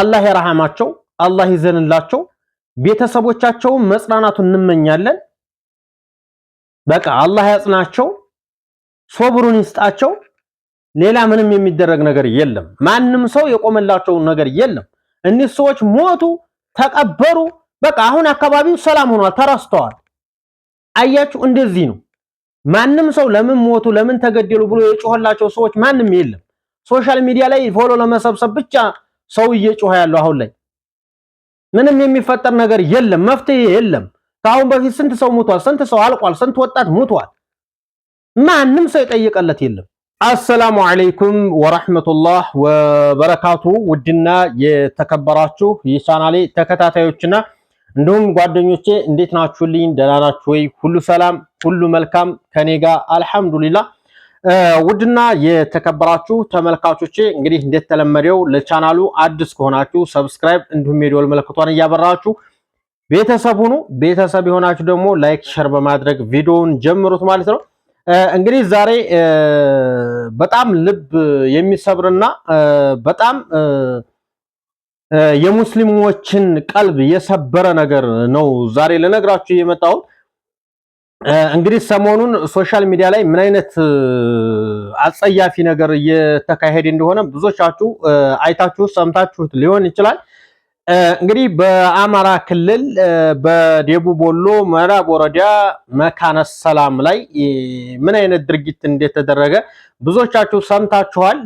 አላህ የረሃማቸው አላህ ይዘንላቸው፣ ቤተሰቦቻቸውን መጽናናቱን እንመኛለን። በቃ አላህ ያጽናቸው፣ ሶብሩን ይስጣቸው። ሌላ ምንም የሚደረግ ነገር የለም። ማንም ሰው የቆመላቸው ነገር የለም። እኒህ ሰዎች ሞቱ፣ ተቀበሩ። በቃ አሁን አካባቢው ሰላም ሆኗል፣ ተረስተዋል። አያችሁ፣ እንደዚህ ነው። ማንም ሰው ለምን ሞቱ፣ ለምን ተገደሉ ብሎ የጮኸላቸው ሰዎች ማንም የለም። ሶሻል ሚዲያ ላይ ፎሎ ለመሰብሰብ ብቻ ሰው እየጮኸ ያለው አሁን ላይ ምንም የሚፈጠር ነገር የለም፣ መፍትሄ የለም። ከአሁን በፊት ስንት ሰው ሙቷል፣ ስንት ሰው አልቋል፣ ስንት ወጣት ሙቷል። ማንም ሰው የጠየቀለት የለም። አሰላሙ አለይኩም ወራህመቱላህ ወበረካቱ። ውድና የተከበራችሁ የቻናሌ ተከታታዮችና እንዲሁም ጓደኞቼ እንዴት ናችሁልኝ? ደህና ናችሁ ወይ? ሁሉ ሰላም፣ ሁሉ መልካም ከኔ ጋር አልሐምዱሊላህ ውድና የተከበራችሁ ተመልካቾቼ እንግዲህ እንደተለመደው ለቻናሉ አዲስ ከሆናችሁ ሰብስክራይብ እንዲሁም የደወል ምልክቷን እያበራችሁ ቤተሰብ ሁኑ። ቤተሰብ የሆናችሁ ደግሞ ላይክ፣ ሸር በማድረግ ቪዲዮውን ጀምሩት ማለት ነው። እንግዲህ ዛሬ በጣም ልብ የሚሰብርና በጣም የሙስሊሞችን ቀልብ የሰበረ ነገር ነው ዛሬ ልነግራችሁ የመጣሁት። እንግዲህ ሰሞኑን ሶሻል ሚዲያ ላይ ምን አይነት አጸያፊ ነገር እየተካሄደ እንደሆነ ብዙዎቻችሁ አይታችሁ ሰምታችሁት ሊሆን ይችላል። እንግዲህ በአማራ ክልል በደቡብ ወሎ ምዕራብ ወረዳ መካነ ሰላም ላይ ምን አይነት ድርጊት እንደተደረገ ብዙዎቻችሁ ሰምታችኋል።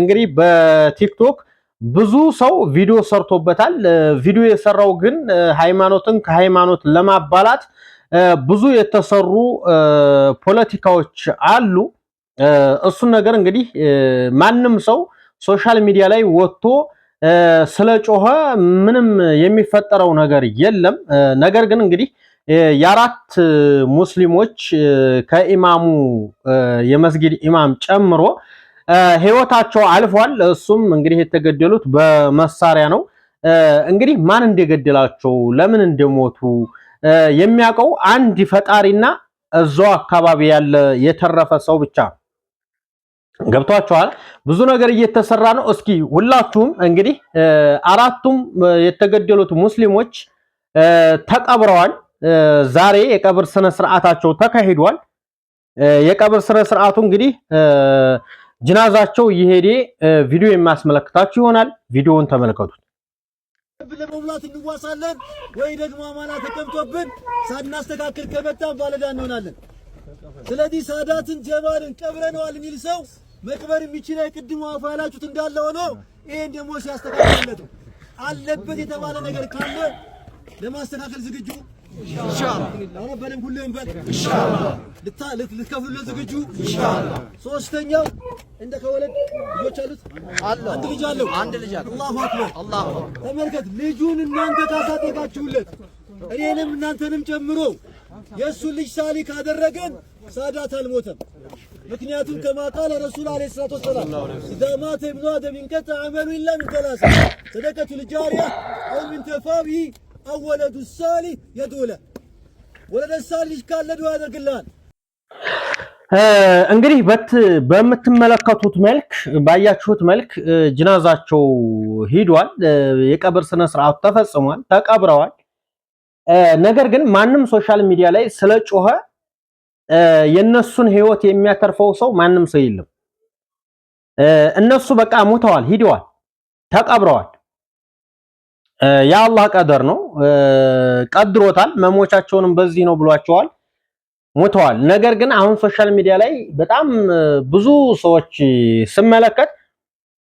እንግዲህ በቲክቶክ ብዙ ሰው ቪዲዮ ሰርቶበታል። ቪዲዮ የሰራው ግን ሃይማኖትን ከሃይማኖት ለማባላት ብዙ የተሰሩ ፖለቲካዎች አሉ። እሱን ነገር እንግዲህ ማንም ሰው ሶሻል ሚዲያ ላይ ወጥቶ ስለ ጮኸ ምንም የሚፈጠረው ነገር የለም። ነገር ግን እንግዲህ የአራት ሙስሊሞች ከኢማሙ የመስጊድ ኢማም ጨምሮ ህይወታቸው አልፏል። እሱም እንግዲህ የተገደሉት በመሳሪያ ነው። እንግዲህ ማን እንደገደላቸው ለምን እንደሞቱ የሚያውቀው አንድ ፈጣሪና እዛው አካባቢ ያለ የተረፈ ሰው ብቻ ገብቷቸዋል። ብዙ ነገር እየተሰራ ነው። እስኪ ሁላችሁም እንግዲህ አራቱም የተገደሉት ሙስሊሞች ተቀብረዋል። ዛሬ የቀብር ስነ ስርዓታቸው ተካሂዷል። የቀብር ስነ ስርዓቱ እንግዲህ ጅናዛቸው እየሄደ ቪዲዮ የሚያስመለክታችሁ ይሆናል። ቪዲዮውን ተመልከቱት። ለመብላት እንዋሳለን ወይ ደግሞ አማና ተቀምጦብን ሳናስተካክል ከመጣን ባለዳ እንሆናለን። ስለዚህ ሳዳትን ጀማልን ቀብረነዋል የሚል ሰው መቅበር የሚችል የቅድሞ አፋላችሁት እንዳለ ሆኖ ይሄን ደግሞ ሲያስተካክልለት አለበት የተባለ ነገር ካለ ለማስተካከል ዝግጁ ኢንሻአላህ በደንብ ሁሌም በል ኢንሻአላህ ልትከፍሉለት ዝግጁ ኢንሻአላህ ሶስተኛው እንደ ከወለድ ልጆች አሉት አንድ ልጅ አለው አንድ ልጅ አለው አላሁ አክበር አላሁ አክበር ተመልከት ልጁን እናንተ ታሳደጋችሁለት እኔንም እናንተንም ጨምሮ የእሱን ልጅ ሳሊ ካደረገን ሳዳት አልሞተም ምክንያቱም ከማ ቃለ ረሱል አለ ሰላት ወሰላም ኢዛ ማተ ብኑ አደም ይንቀጠ አመሉ ኢላ ምን ሰላሳ ሰደቀቱ ልጃሪያ አው ምን ተፋቢ አወለዱ ሳሊህ የዱለ ወለደ ሳሊህ ልጅ ካለ ዱዓ ያደርግልሃል። እንግዲህ በምትመለከቱት መልክ ባያችሁት መልክ ጅናዛቸው ሂዷል። የቀብር ስነ ስርዓቱ ተፈጽሟል፣ ተቀብረዋል። ነገር ግን ማንም ሶሻል ሚዲያ ላይ ስለ ጮኸ የነሱን ህይወት የሚያተርፈው ሰው ማንም ሰው የለም። እነሱ በቃ ሞተዋል፣ ሂደዋል፣ ተቀብረዋል። የአላህ ቀደር ነው፣ ቀድሮታል። መሞቻቸውንም በዚህ ነው ብሏቸዋል፣ ሞተዋል። ነገር ግን አሁን ሶሻል ሚዲያ ላይ በጣም ብዙ ሰዎች ስመለከት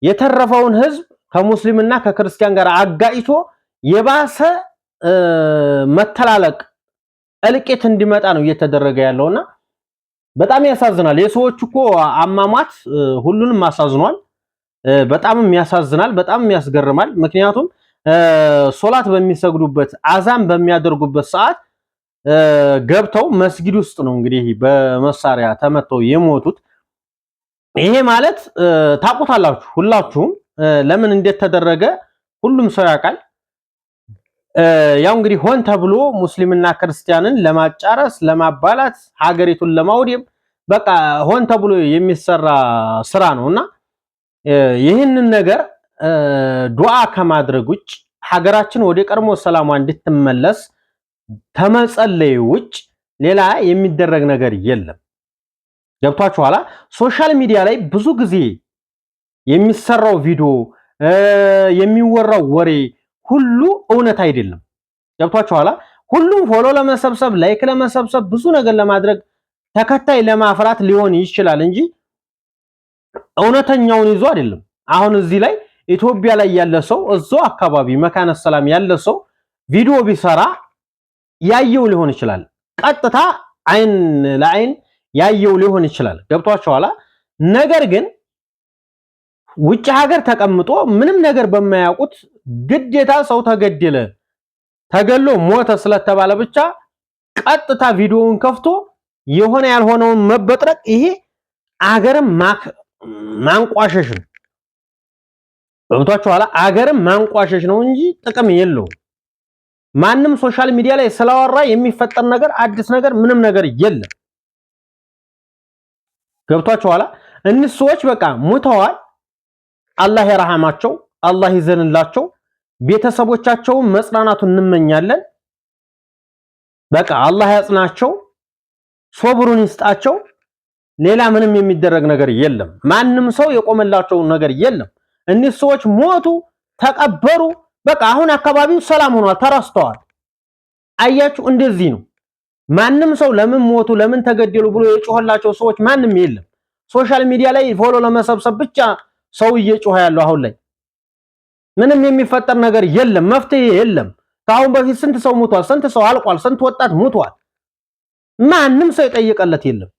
የተረፈውን ህዝብ ከሙስሊምና ከክርስቲያን ጋር አጋጭቶ የባሰ መተላለቅ እልቂት እንዲመጣ ነው እየተደረገ ያለውና በጣም ያሳዝናል። የሰዎች እኮ አሟሟት ሁሉንም አሳዝኗል። በጣም ያሳዝናል፣ በጣም ያስገርማል። ምክንያቱም ሶላት በሚሰግዱበት አዛን በሚያደርጉበት ሰዓት ገብተው መስጊድ ውስጥ ነው እንግዲህ በመሳሪያ ተመተው የሞቱት። ይሄ ማለት ታውቁታላችሁ ሁላችሁም ለምን እንዴት ተደረገ ሁሉም ሰው ያውቃል። ያው እንግዲህ ሆን ተብሎ ሙስሊምና ክርስቲያንን ለማጫረስ፣ ለማባላት፣ ሀገሪቱን ለማውደም በቃ ሆን ተብሎ የሚሰራ ስራ ነውና ይህንን ነገር ዱዓ ከማድረግ ውጭ ሀገራችን ወደ ቀድሞ ሰላሟ እንድትመለስ ተመጸለይ ውጭ ሌላ የሚደረግ ነገር የለም። ገብቷችሁ ኋላ ሶሻል ሚዲያ ላይ ብዙ ጊዜ የሚሰራው ቪዲዮ የሚወራው ወሬ ሁሉ እውነት አይደለም። ገብቷችሁ ኋላ ሁሉም ፎሎ ለመሰብሰብ ላይክ ለመሰብሰብ ብዙ ነገር ለማድረግ ተከታይ ለማፍራት ሊሆን ይችላል እንጂ እውነተኛውን ይዞ አይደለም። አሁን እዚህ ላይ ኢትዮጵያ ላይ ያለ ሰው እዛው አካባቢ መካነ ሰላም ያለ ሰው ቪዲዮ ቢሰራ ያየው ሊሆን ይችላል። ቀጥታ አይን ለአይን ያየው ሊሆን ይችላል። ገብቷቸዋል። ነገር ግን ውጭ ሀገር ተቀምጦ ምንም ነገር በማያውቁት ግዴታ ሰው ተገደለ ተገሎ ሞተ ስለተባለ ብቻ ቀጥታ ቪዲዮውን ከፍቶ የሆነ ያልሆነውን መበጥረቅ ይሄ አገርም ማንቋሸሽ ነው። በብቷችሁ ኋላ አገርም ማንቋሸሽ ነው እንጂ ጥቅም የለው ማንም ሶሻል ሚዲያ ላይ ስላወራ የሚፈጠር ነገር አዲስ ነገር ምንም ነገር የለም። ገብቷችሁ ኋላ እነ ሰዎች በቃ ሙተዋል። አላህ የረሃማቸው አላህ ይዘንላቸው፣ ቤተሰቦቻቸውን መጽናናቱን እንመኛለን። በቃ አላህ ያጽናቸው፣ ሶብሩን ይስጣቸው። ሌላ ምንም የሚደረግ ነገር የለም። ማንም ሰው የቆመላቸው ነገር የለም። እኒህ ሰዎች ሞቱ፣ ተቀበሩ። በቃ አሁን አካባቢው ሰላም ሆኗል፣ ተረስተዋል። አያችሁ፣ እንደዚህ ነው። ማንም ሰው ለምን ሞቱ፣ ለምን ተገደሉ ብሎ የጮኸላቸው ሰዎች ማንም የለም። ሶሻል ሚዲያ ላይ ፎሎ ለመሰብሰብ ብቻ ሰው እየጮኸ ያለው አሁን ላይ ምንም የሚፈጠር ነገር የለም፣ መፍትሄ የለም። ከአሁን በፊት ስንት ሰው ሞቷል፣ ስንት ሰው አልቋል፣ ስንት ወጣት ሞቷል። ማንም ሰው የጠየቀለት የለም።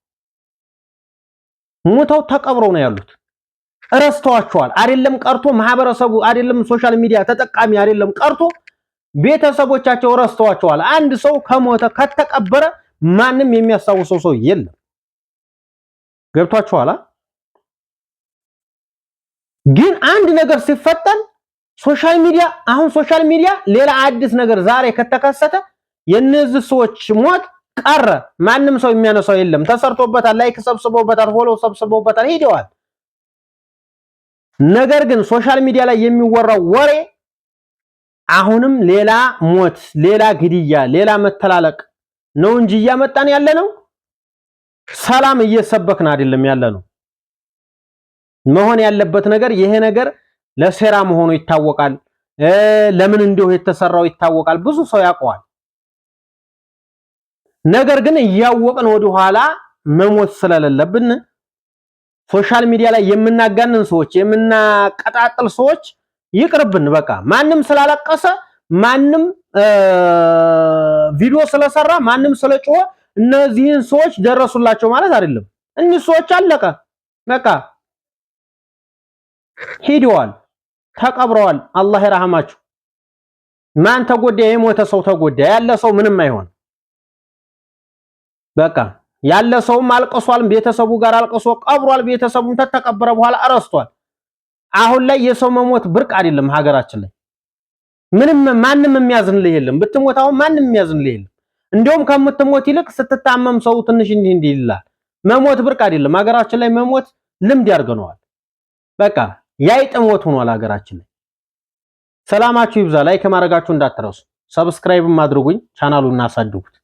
ሞተው ተቀብረው ነው ያሉት። ረስተዋቸዋል። አይደለም ቀርቶ ማህበረሰቡ አይደለም ሶሻል ሚዲያ ተጠቃሚ አይደለም ቀርቶ ቤተሰቦቻቸው ረስተዋቸዋል። አንድ ሰው ከሞተ ከተቀበረ ማንም የሚያስታውሰው ሰው የለም። ገብቷችኋል። ግን አንድ ነገር ሲፈጠን ሶሻል ሚዲያ አሁን ሶሻል ሚዲያ ሌላ አዲስ ነገር ዛሬ ከተከሰተ የነዚህ ሰዎች ሞት ቀረ፣ ማንም ሰው የሚያነሳው የለም። ተሰርቶበታል፣ ላይክ ሰብስበውበታል ፎሎ ሰብስበውበታል ሄደዋል። ነገር ግን ሶሻል ሚዲያ ላይ የሚወራው ወሬ አሁንም ሌላ ሞት፣ ሌላ ግድያ፣ ሌላ መተላለቅ ነው እንጂ እያመጣን ያለ ነው። ሰላም እየሰበክን አይደለም ያለ ነው። መሆን ያለበት ነገር ይሄ ነገር ለሴራ መሆኑ ይታወቃል። ለምን እንዲሁ የተሰራው ይታወቃል። ብዙ ሰው ያውቀዋል። ነገር ግን እያወቅን ወደኋላ መሞት ስለሌለብን ሶሻል ሚዲያ ላይ የምናጋንን ሰዎች የምናቀጣጥል ሰዎች ይቅርብን። በቃ ማንም ስላለቀሰ ማንም ቪዲዮ ስለሰራ ማንም ስለጮኸ እነዚህን ሰዎች ደረሱላቸው ማለት አይደለም። እኒህ ሰዎች አለቀ በቃ ሂደዋል፣ ተቀብረዋል። አላህ ይራህማቸው። ማን ተጎዳ? የሞተ ሰው ተጎዳ፣ ያለ ሰው ምንም አይሆን በቃ ያለ ሰውም አልቅሷል ቤተሰቡ ጋር አልቀሶ ቀብሯል። ቤተሰቡም ተተቀበረ በኋላ አረስቷል። አሁን ላይ የሰው መሞት ብርቅ አይደለም ሀገራችን ላይ ምንም ማንም የሚያዝንልህ የለም። ብትሞት አሁን ማንም የሚያዝንልህ የለም። እንዲሁም ከምትሞት ይልቅ ስትታመም ሰው ትንሽ እንዲህ እንዲህ ይላል። መሞት ብርቅ አይደለም ሀገራችን ላይ መሞት ልምድ ያርገነዋል። በቃ ያይጥ ሞት ሆኗል ሀገራችን ላይ። ሰላማችሁ ይብዛ። ላይክ ማድረጋችሁ እንዳትረሱ፣ ሰብስክራይብም አድርጉኝ፣ ቻናሉን አሳድጉት።